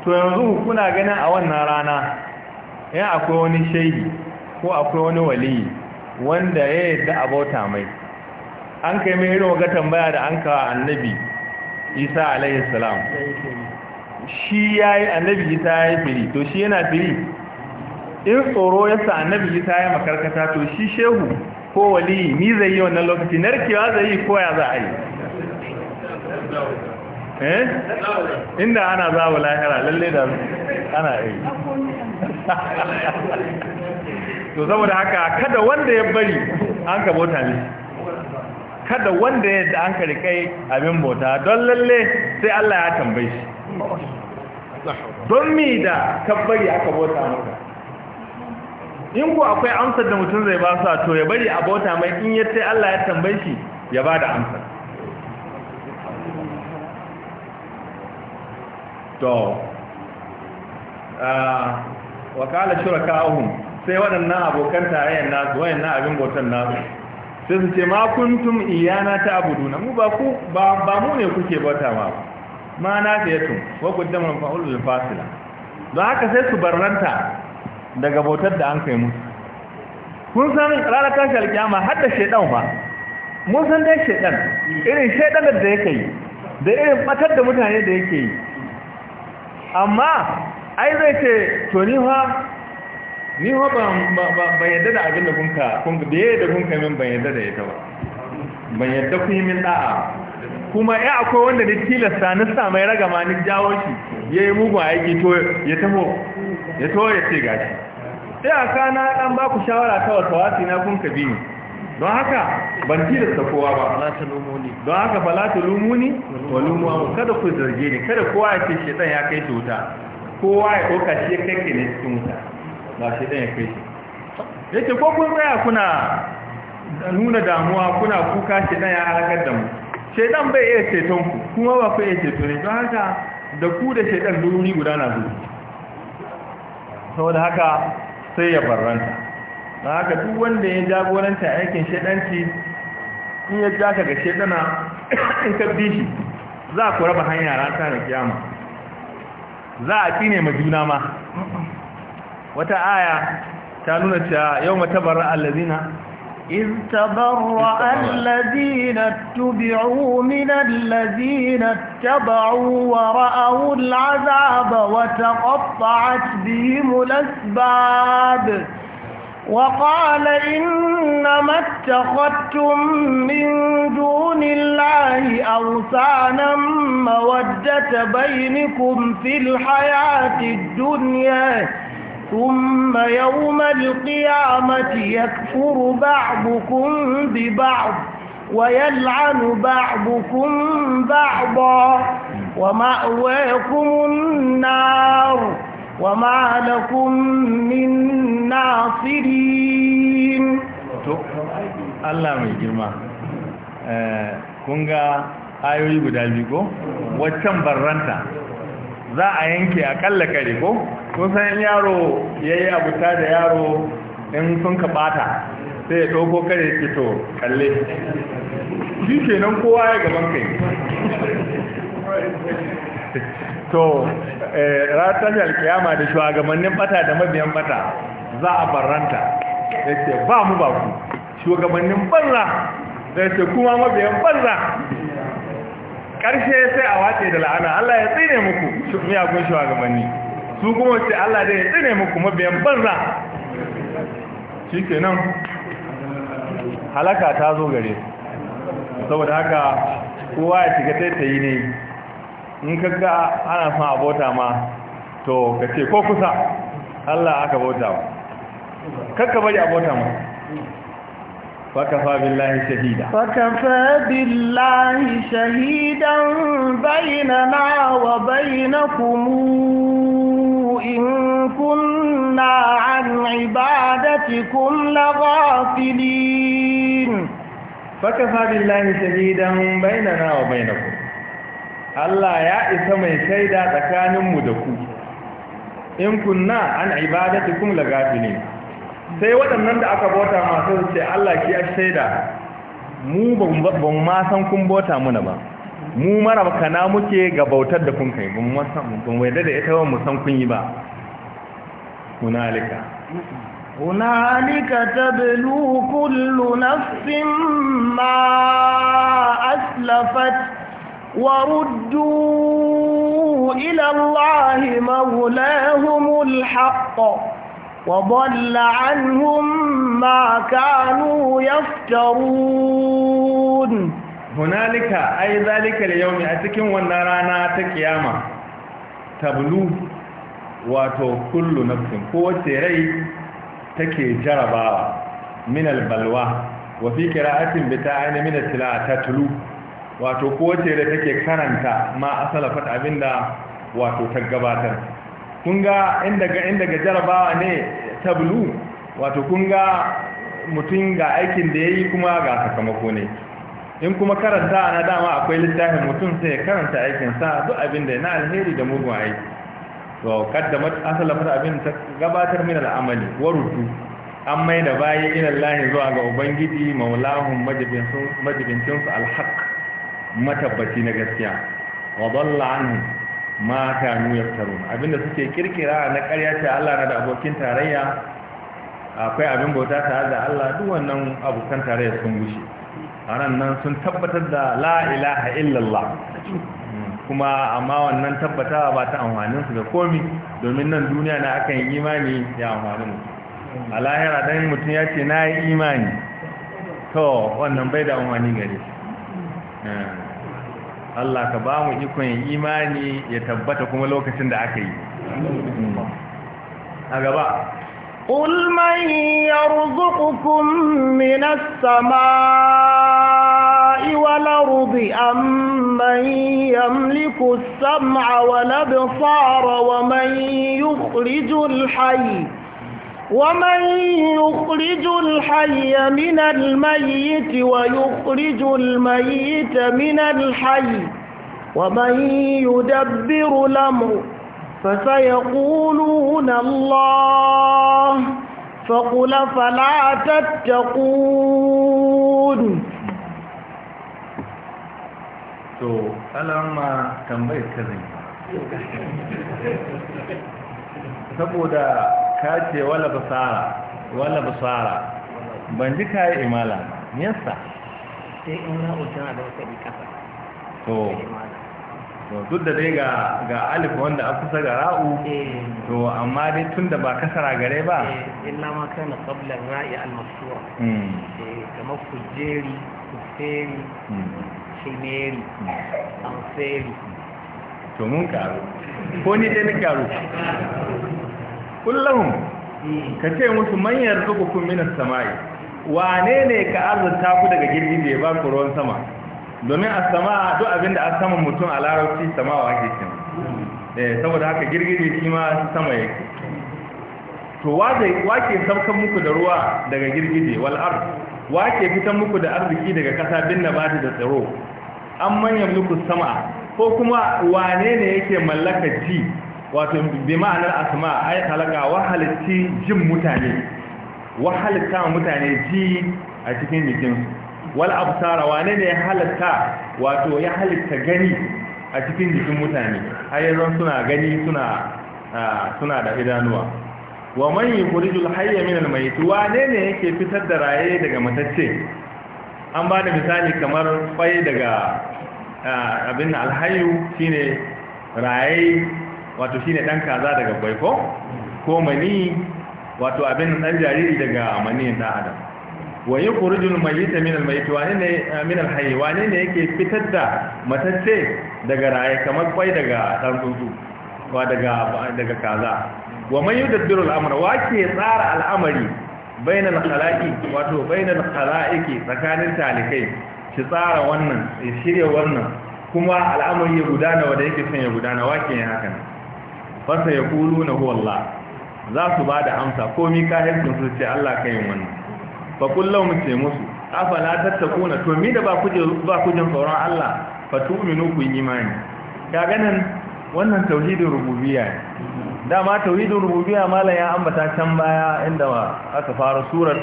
to yanzu kuna ganin a wannan rana ya akwai wani shaidi ko akwai wani wali? wanda ya yadda abota mai an kai mai irin waga tambaya da an kawo annabi isa alaihi salam shi ya yi annabi isa ya yi fili to shi yana fili in tsoro ya sa annabi isa ya makarkata to shi shehu ko wali ni zai yi wannan lokaci narkewa zai yi ko ya za a yi eh inda ana zabu lahira lalle da ana yi *laughs* to saboda haka kada wanda ya bari an ka bota ne kada wanda ya da an ka rikai abin bota don lalle sai Allah ya tambaye shi don mi da ka bari aka bota maka in ku akwai amsar da mutum zai ba su a to ya bari a bota mai in ya sai Allah ya tambaye shi ya ba da amsar to ah, wa kala shuraka'uhum sai waɗannan abokan tarayyar nasu wayannan abin bautan nasu sai su ce ma kuntum iyana ta na mu ba ku ba mu ne kuke bauta ma ma na fiyatun wa qaddamu fa'ulul fasila don haka sai su barranta daga bautar da an kai musu kun san ranar tashi alkiyama har da shaidan ba mun san dai shaidan irin shaidan da yake yi da irin matar da mutane da yake yi amma ai zai ce to ni ha ni ha ban yadda da abin da kunka kunka da yadda kunka min ban yadda da ita ba ban yadda kun yi min da'a kuma ya akwai wanda ne tilasta na sa mai raga ma ni jawo shi ya yi mugun aiki to ya taho ya taho ya ce gashi sai a kana dan ba ku shawara ta wata wasi na kunka biyu don haka ban da kowa ba don haka fala ta lumuni wa lumuwa kada ku zarge ne. kada kowa ya ce shaitan ya kai shi wuta kowa ya ɗauka shi ya kai ne cikin wuta ba shaitan ya kai shi ya ce ko kun tsaya kuna nuna damuwa kuna kuka shaitan ya halakar da mu shaitan bai iya ceton ku kuma ba ku iya ceto ne don haka da ku da shaitan duri guda na zuwa saboda haka sai ya barranta ba haka duk wanda ya jagoranta aikin shaɗanci in ya ja ka ga shaɗana in ka bi shi za ku raba hanya rata da kiyama za a tsine ma juna ma wata aya ta nuna cewa yau matabarra allazina إذ تبرأ الذين اتبعوا من الذين اتبعوا ورأوا العذاب وتقطعت بهم الأسباب وقال إنما اتخذتم من دون الله أوثانا مودة بينكم في الحياة الدنيا ثم يوم القيامة يكفر بعضكم ببعض ويلعن بعضكم بعضا ومأواكم النار وما لكم من ناصرين Allah mai girma eh, kun ga ayoyi guda biyu ko waccan barranta za a yanke akalla kare ko san yaro yayi yi abuta da yaro in sun kaɓata sai ya ɗauko kare to kalle shi kenan kowa ya gaban kai *laughs* to eh, ratar alkiyama da shugabannin bata da mabiyan bata za a barranta ya ce ba mu ba ku shugabannin banza ya ce kuma mabiyan banza Karshe sai a wace da la'ana Allah ya tsine muku miyagun shugabanni su kuma ce Allah da ya tsine muku mabiyan banza shi ke nan halaka ta zo gare saboda haka kowa ya shiga yi ne in kaga ana son abota ma to ka ko kusa Allah aka bauta ba kakka bari abota ma wa kafa billahi shahida wa kafa billahi shahida wa bainakum in kunna an ibadatikum laghafilin wa kafa billahi shahida bainana wa bainakum Allah ya isa mai shaida tsakaninmu da ku in kunna an ibadatikum lagafilin sai waɗannan da aka bota masu ce Allah ki ya shaida mu ba mu ma san kun bota muna ba mu mara kana muke ga bautar da kun kai Ban wanda da ita mu san kun yi ba hunalika hunalika tablu kullu nafsin ma aslafat وردوا إلى الله مولاهم الحق وضل عنهم ما كانوا يفترون هنالك أي ذلك اليوم أتكن ونرانا تكياما تبلو واتو كل نفس قوة ري تكي جربا من البلوى وفي قراءة بتاعين من التلاعة تتلو wato kowace da take karanta ma asala fata abinda wato ta gabatar kun ga inda ga inda ga jarabawa ne tablu wato kun ga mutum ga aikin da yayi kuma ga sakamako ne in kuma karanta na dama akwai littafin mutum sai karanta aikin sa duk abin da na alheri da mugun aiki to kaddamat asala fata abin ta gabatar min al'amali warutu, an mai da bayi inallahi zuwa ga ubangiji maulahum majibinsu majibinsu alhaq matabbaci na gaskiya wa dalla anhu ma kanu abinda suke kirkira na ƙarya ce Allah na da abokin tarayya akwai abin bauta tare da Allah duk wannan abokan tarayya sun gushe anan nan sun tabbatar da la ilaha illallah kuma amma wannan tabbatawa ba ta amfanin su da komi domin nan duniya na akan imani ya amfani mutum a lahira dan mutum ya ce na yi imani to wannan bai da amfani gare shi Allah ka ba mu ikon imani ya tabbata kuma lokacin da aka yi. A gaba. Ƙul man ya ruzukukun minas sama iwala rubi an man ya mliku sam'a yi ƙulijul haiti. ومن يخرج الحي من الميت ويخرج الميت من الحي ومن يدبر الأمر فسيقولون الله فقل فلا تتقون to alama tambayar ka saboda ka ce wala basara wala basara ban ji kayi imala yasa sai in na utana da wata ikasa to duk da dai ga alif wanda aka kusa ga ra'u eh. to amma dai tun da ba kasara gare ba eh, illa ma kana qabla ra'i al-mashhura hmm. eh, kama kujeri kuferi hmm. shineri hmm. amferi to mun karu ko ni dai ni karu *laughs* kullum hmm. ka ce musu manyan rukukun minas sama'i wane ne ka arzuta ku daga girgin da ya ba ku ruwan sama domin a sama duk abin da a saman mutum a larabci sama wa ake cin hmm. eh, saboda haka da shi ma sama yake to wake saukan muku da ruwa daga da wal ard wake fitan muku da arziki daga kasa bin bata da tsaro an manyan muku sama ko kuma wane ne yake mallaka ji wato bi ma'anar asma ai halaka wa halitti jin mutane wa halitta mutane ji a cikin jikin wal absara wane ne halitta wato ya halitta gani a cikin jikin mutane yanzu suna gani suna suna da idanuwa wa man yukhrijul hayya min al mayt wane ne yake fitar da raye daga matacce an ba da misali kamar fai daga abin alhayu shine raye wato shine dan kaza daga bai ko mani wato abin dan jariri daga maniyin dan adam wa yukhrijul mayyita min al-mayyit wa ne eh, min al-hayy ne yake fitar da matacce daga raye kamar kwai daga dan tsuntsu ko daga daga kaza wa man yudabbiru al wa ke tsara al'amari bainal khalaqi wato bainal khalaqi tsakanin talikai shi tsara wannan ya shirya wannan kuma al'amari ya gudana wanda yake son ya gudana wa ke hakan fasa ya kulu na huwalla za su ba da amsa ka haifin su ce Allah ka yi wannan fa mu ce musu afala tattakuna to mi da ba ku jin tsoron Allah fa tu'minu ku yi imani ka ganin wannan tauhidin rububiyya ne dama tauhidin rububiyya malam ya ambata can baya inda aka fara surar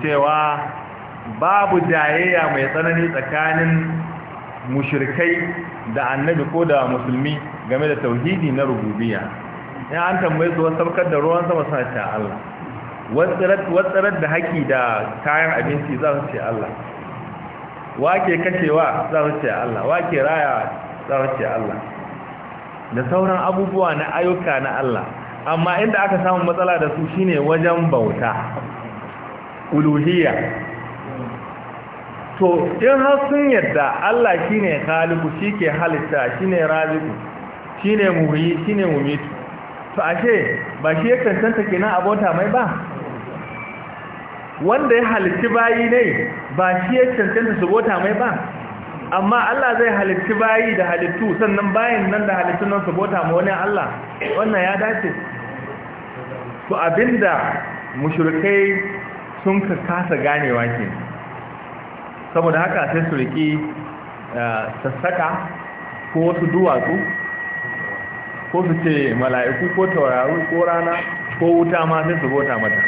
cewa babu jayayya mai tsanani tsakanin mushrikai da annabi ko da musulmi game da tauhidi na rububiyya in an tambaye su wasu sabkar da ruwan sama suna ce Allah watsarar da haƙi da kayan abinci za su ce Allah wake kashewa za su ce Allah wake raya za su ce Allah da sauran abubuwa na ayyuka na Allah amma inda aka samu matsala da su shine wajen bauta uluhiyya to in har sun yadda Allah shine shi shike halitta shine ne shine shi shine mumitu to ashe ba shi ya cancanta kenan abota mai ba wanda ya halitti bayi ne ba shi ya cancanta su bota mai ba amma Allah zai halitti bayi da halittu sannan bayin nan da halittun nan su bota ma wani Allah wannan ya dace to abinda mushrikai sun ka kasa ganewa kenan saboda haka sai su riƙi eh, sassaka ko wasu duwatsu ko su ce mala'iku ko taurari ko rana ko wuta ma sai su bota mata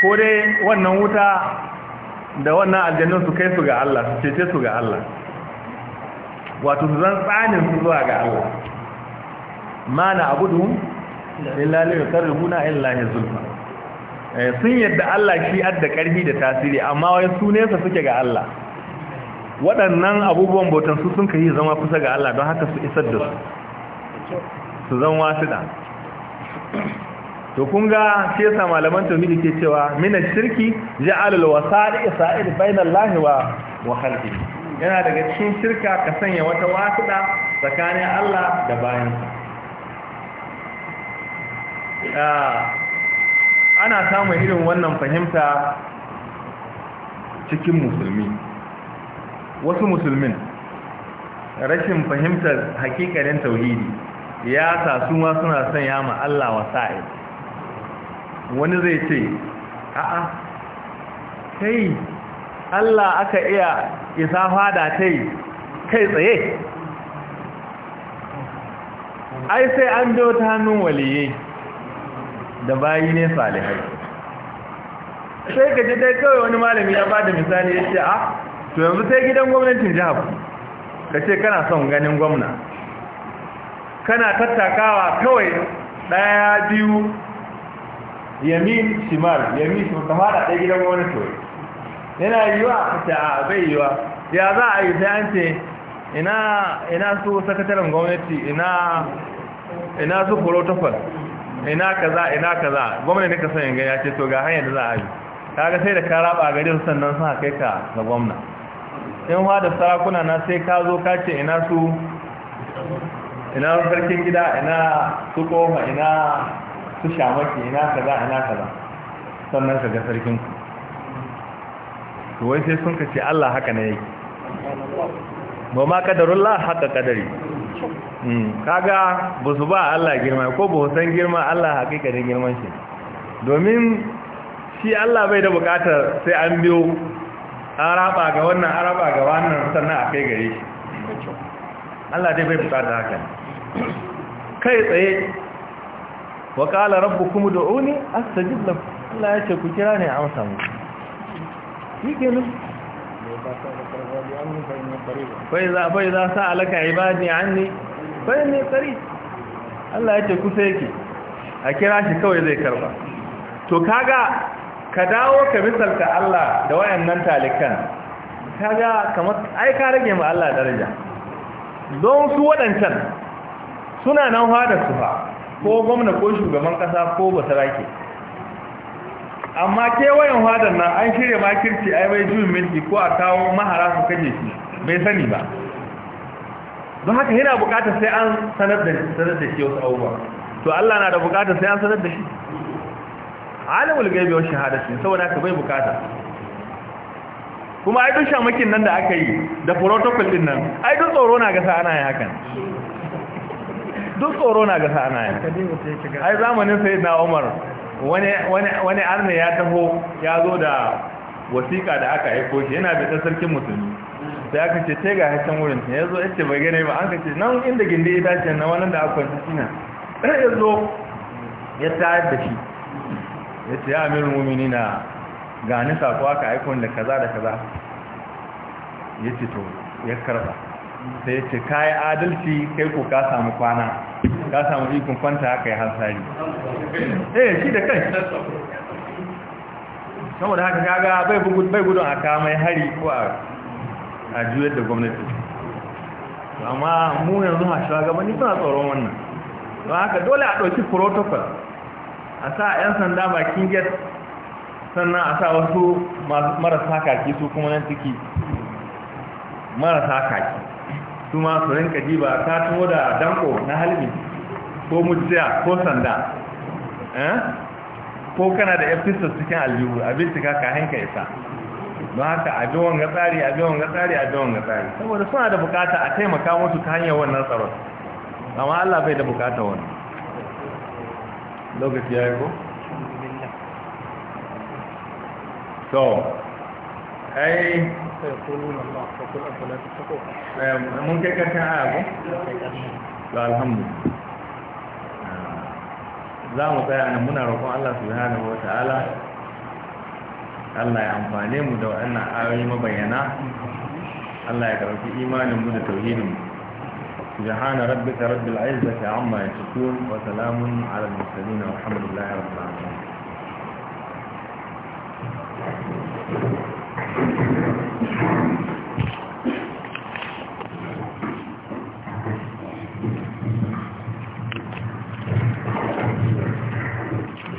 ko dai wannan wuta da wannan aljannun su kai su ga Allah su cece su ga Allah wato su zan tsanin su zuwa ga Allah ma na abudu illa liyu karribuna illa ya zulfa Eh, sun yadda Allah shi adda ƙarfi da tasiri amma wai su su suke ga Allah waɗannan abubuwan bautan su sun kai zama kusa ga Allah don haka su isar da su su zan wasiɗa to kun ga fesa sa malaman tauhidi ke cewa Minna shirki ja'alul wasa'i sa'id bainallahi wa wa khalqi yana daga cikin shirka ka sanya wata wasiɗa tsakanin Allah da bayansa ah, ana samun irin wannan fahimta cikin musulmi wasu musulmin rashin fahimtar hakikalin tauhidi ya sa su ma suna sanya ma Allah wasa'i wani zai ce a'a kai Allah aka iya isa fada tai kai tsaye ai sai an biyo ta hannun waliye da bayi ne salihai sai ka ji dai kawai wani malami ya ba da misali ya ce a ah, to yanzu sai gidan gwamnatin jihar ka ce kana son ganin gwamna kana tattakawa kawai ɗaya biyu yamin shimar yamin shimar kama da ɗaya gidan wani toye yana yiwa a ta ah, bai yiwa ya za a yi sai an ce ina su sakataren gwamnati ina su protocol ina kaza ina kaza gwamnati ne ka san in ga ya ce to ga hanyar da za a yi kaga sai da ka raba gare su sannan sun kai ka ga gwamna in ma da sarakuna na sai ka zo ka ce ina su ina sarkin gida ina su koma ina su shamaki ina kaza ina kaza sannan ka ga sarkin ku to wai sai sun ka ce Allah haka ne yake ba ma kadarullah haka kadari kaga ba su ba Allah girma ko ba san girma Allah hakikanin girman shi domin shi Allah bai da bukatar sai an biyo an raba ga wannan araba ga wannan sannan a kai gare shi Allah dai bai bukatar haka kai tsaye wa qala rabbukum ud'uni astajib lakum Allah ya ce ku kira ne a amsa mu shi kenan fa iza fa iza sa'alaka ibadi anni bayan mai kari Allah ya ce kusa yake a kira shi kawai zai karba to kaga ka dawo ka misalta Allah da wayannan talikan kaga kamar ai ka rage mu Allah daraja don su waɗancan suna nan da su fa ko gwamna ko shugaban kasa ko basarake amma kewayen hadar nan an shirya makirci ai mai juyin milki ko a kawo mahara su kaje shi bai sani ba don haka yana bukatar sai an sanar da sanar da shi wasu abubuwa to Allah na da bukatar sai an sanar da shi alimul gaibi wa shahadati saboda ka bai bukata kuma ai duk shamakin nan da aka yi da protocol din nan ai duk tsoro na ga sa ana yin hakan duk tsoro na ga sa ana yin ai zamanin sai na Umar wani wani wani arna ya taho ya zo da wasiƙa da aka aiko shi yana da sarkin musulmi sai aka ce sai ga hakan wurin ya zo ya ce bai gane ba an ka ce nan inda gindi ya dace na wannan da akwai kwanci shina sai ya zo ya tayar da shi ya ce ya amirin mumini na gani sako aka aikon da kaza da kaza ya ce to ya karba sai ya ce yi adalci kai ko ka samu kwana ka samu ikon kwanta haka ya hansari eh shi da kai saboda haka kaga bai gudun a kamai hari ko a a juyar da gwamnati amma mu yanzu ma shugabanni suna tsoron wannan don haka dole a ɗauki protocol a sa 'yan sanda bakin gate sannan a sa wasu marasa kaki su kuma nan ciki marasa kaki su ma su rinka jiba ta tuwo da danko na halmi ko mujiya ko sanda eh? ko kana da episode cikin aljihu abin cika ka hanka isa don haka abin wanga tsari abin wanga tsari abin wanga tsari saboda suna da bukata a taimaka musu ta hanyar wannan tsaron amma Allah bai da bukata wannan lokaci ya yi ko? so ai eh, mun kai karshen aya ko? to alhamdulillah ah, za mu tsaya nan muna roƙon Allah su subhanahu wa ta'ala Allah ya amfane mu da waɗannan ayoyi mabayyana Allah ya karɓi imanin mu da tauhidin mu سبحان ربك رب العزة عما يشكون وسلام على المرسلين والحمد لله رب العالمين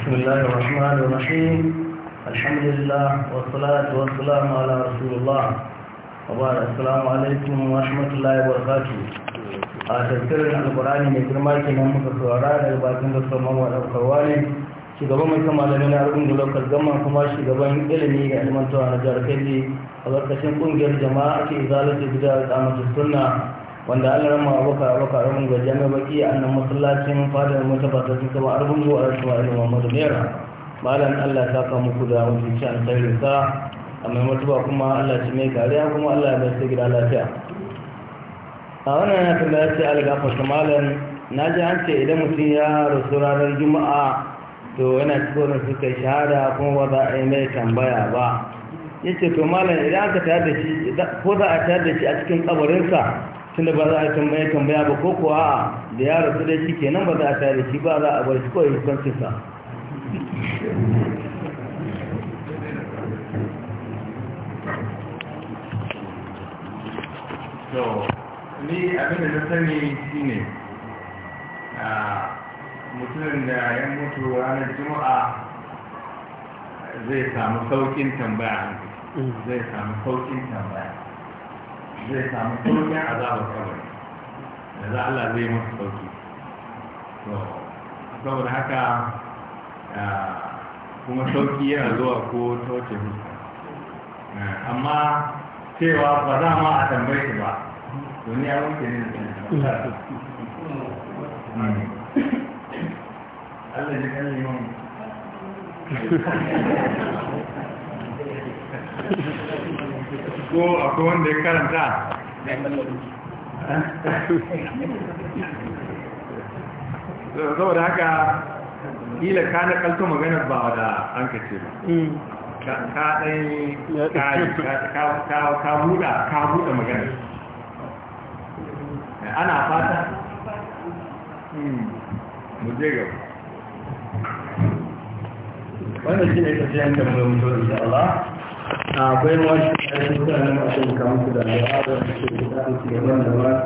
بسم الله الرحمن الرحيم Alhamdulillah الحمد لله والصلاة والسلام على رسول الله وبعد السلام عليكم ورحمة الله وبركاته a al alkurani mai girma ke nan muka saurara daga bakin da saman wa ɗaukarwa ne shugaban mai kama da nuna rukun gulokar gama kuma shugaban ilimi da ilmantawa na jihar kebbi a ƙarƙashin ƙungiyar jama'a ke zalata gida da masu sunna wanda an rama abokan abokan rukun ga jami'a baki a nan masallacin fadar mutaba ta suka ba a rukun zuwa rasuwa ilimin madu naira malam Allah ta kama muku da mutunci an tsare sa a mai mutuwa kuma Allah ci mai kariya kuma Allah ya bai gida lafiya a wannan yana ya ce algafa malam na ji an ce idan mutum ya rasu ranar juma'a to yana su kai shahada kuma ba za a yi mai tambaya ba ya ce to malam idan aka tayar da shi ko za a tayar da shi a cikin kabarinsa tunda ba za a tambaya tambaya ba ko kuwa da ya rasu da shi kenan ba za a tayar da shi ba za a bar shi kawai hukuncinsa so ni abin da sani shi ne mutumin da ya mutu ranar juma'a zai samu saukin tambaya zai samu saukin tambaya zai samu saukin azabar kawai da za Allah zai masu sauki saboda haka Ah, kuma sauki yana zuwa ko ta fuska ah, amma cewa ba za ma a tambaye shi ba domin ya wuce ne da Allah ji kan liman ko akwai wanda ya karanta *laughs* saboda haka kila ka na kalto maganar ba da an ka ce ba mm. ka ɗai ka buɗa ka buɗa maganar ana fata hmm. mu je gaba wannan shi ne tafiyan da mai mutu insha Allah akwai mawashi da ya shi kusa na masu kamar su da al'adar da ke da wannan